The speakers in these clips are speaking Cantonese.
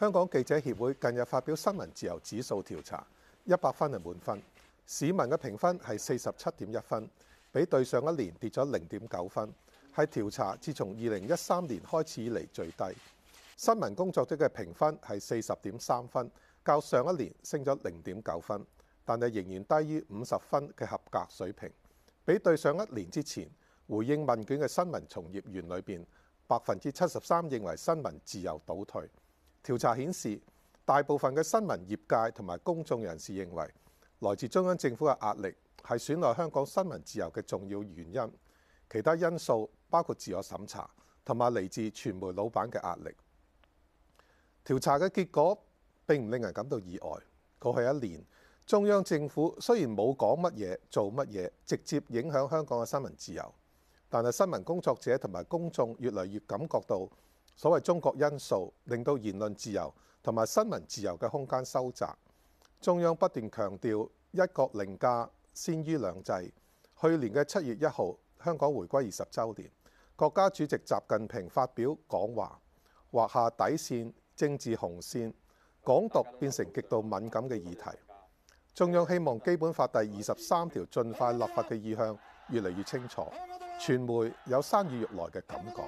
香港記者協會近日發表新聞自由指數調查，一百分係滿分，市民嘅評分係四十七點一分，比對上一年跌咗零點九分，係調查自從二零一三年開始以嚟最低。新聞工作者嘅評分係四十點三分，較上一年升咗零點九分，但係仍然低於五十分嘅合格水平。比對上一年之前回應問卷嘅新聞從業員裏邊百分之七十三認為新聞自由倒退。調查顯示，大部分嘅新聞業界同埋公眾人士認為，來自中央政府嘅壓力係損害香港新聞自由嘅重要原因。其他因素包括自我審查同埋嚟自傳媒老闆嘅壓力。調查嘅結果並唔令人感到意外。過去一年，中央政府雖然冇講乜嘢、做乜嘢，直接影響香港嘅新聞自由，但係新聞工作者同埋公眾越嚟越感覺到。所謂中國因素令到言論自由同埋新聞自由嘅空間收窄，中央不斷強調一國凌駕先於兩制。去年嘅七月一號，香港回歸二十週年，國家主席習近平發表講話，畫下底線政治紅線，港獨變成極度敏感嘅議題。中央希望基本法第二十三條盡快立法嘅意向越嚟越清楚，傳媒有山雨欲來嘅感覺。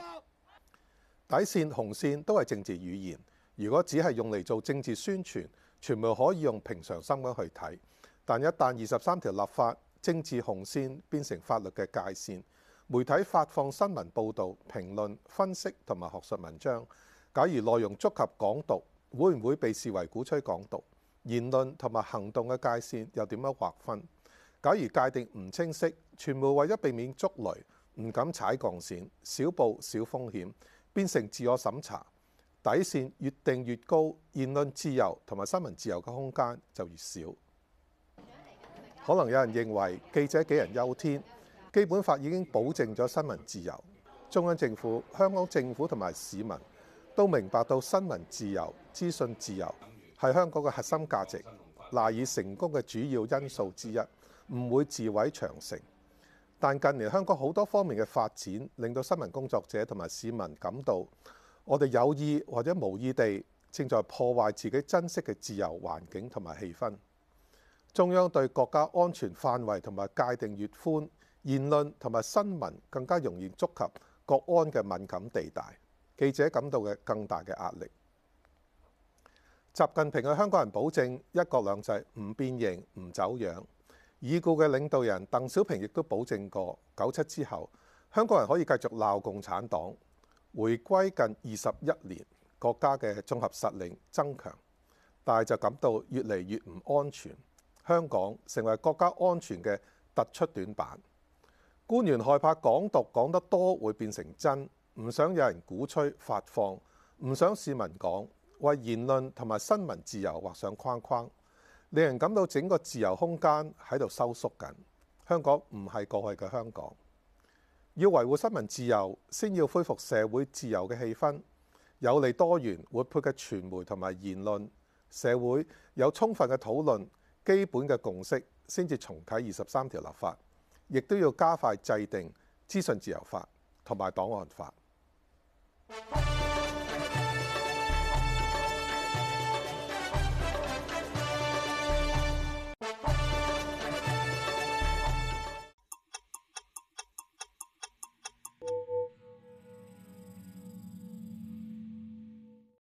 底線紅線都係政治語言，如果只係用嚟做政治宣傳，傳媒可以用平常心咁去睇。但一旦二十三條立法政治紅線變成法律嘅界線，媒體發放新聞報導、評論、分析同埋學術文章，假如內容觸及港獨，會唔會被視為鼓吹港獨？言論同埋行動嘅界線又點樣劃分？假如界定唔清晰，傳媒為咗避免觸雷，唔敢踩鋼線，少報少風險。變成自我審查，底線越定越高，言論自由同埋新聞自由嘅空間就越少。可能有人認為記者杞人憂天，基本法已經保證咗新聞自由。中央政府、香港政府同埋市民都明白到新聞自由、資訊自由係香港嘅核心價值，賴以成功嘅主要因素之一，唔會自毀長城。但近年香港好多方面嘅發展，令到新聞工作者同埋市民感到，我哋有意或者無意地正在破壞自己珍惜嘅自由環境同埋氣氛。中央對國家安全範圍同埋界定越寬，言論同埋新聞更加容易觸及國安嘅敏感地帶，記者感到嘅更大嘅壓力。習近平向香港人保證，一國兩制唔變形、唔走樣。已故嘅領導人鄧小平亦都保證過，九七之後香港人可以繼續鬧共產黨。回歸近二十一年，國家嘅綜合實力增強，但係就感到越嚟越唔安全。香港成為國家安全嘅突出短板。官員害怕港獨講得多會變成真，唔想有人鼓吹發放，唔想市民講，為言論同埋新聞自由畫上框框。令人感到整個自由空間喺度收縮緊，香港唔係過去嘅香港。要維護新聞自由，先要恢復社會自由嘅氣氛，有利多元活潑嘅傳媒同埋言論，社會有充分嘅討論，基本嘅共識，先至重啟二十三條立法，亦都要加快制定資訊自由法同埋檔案法。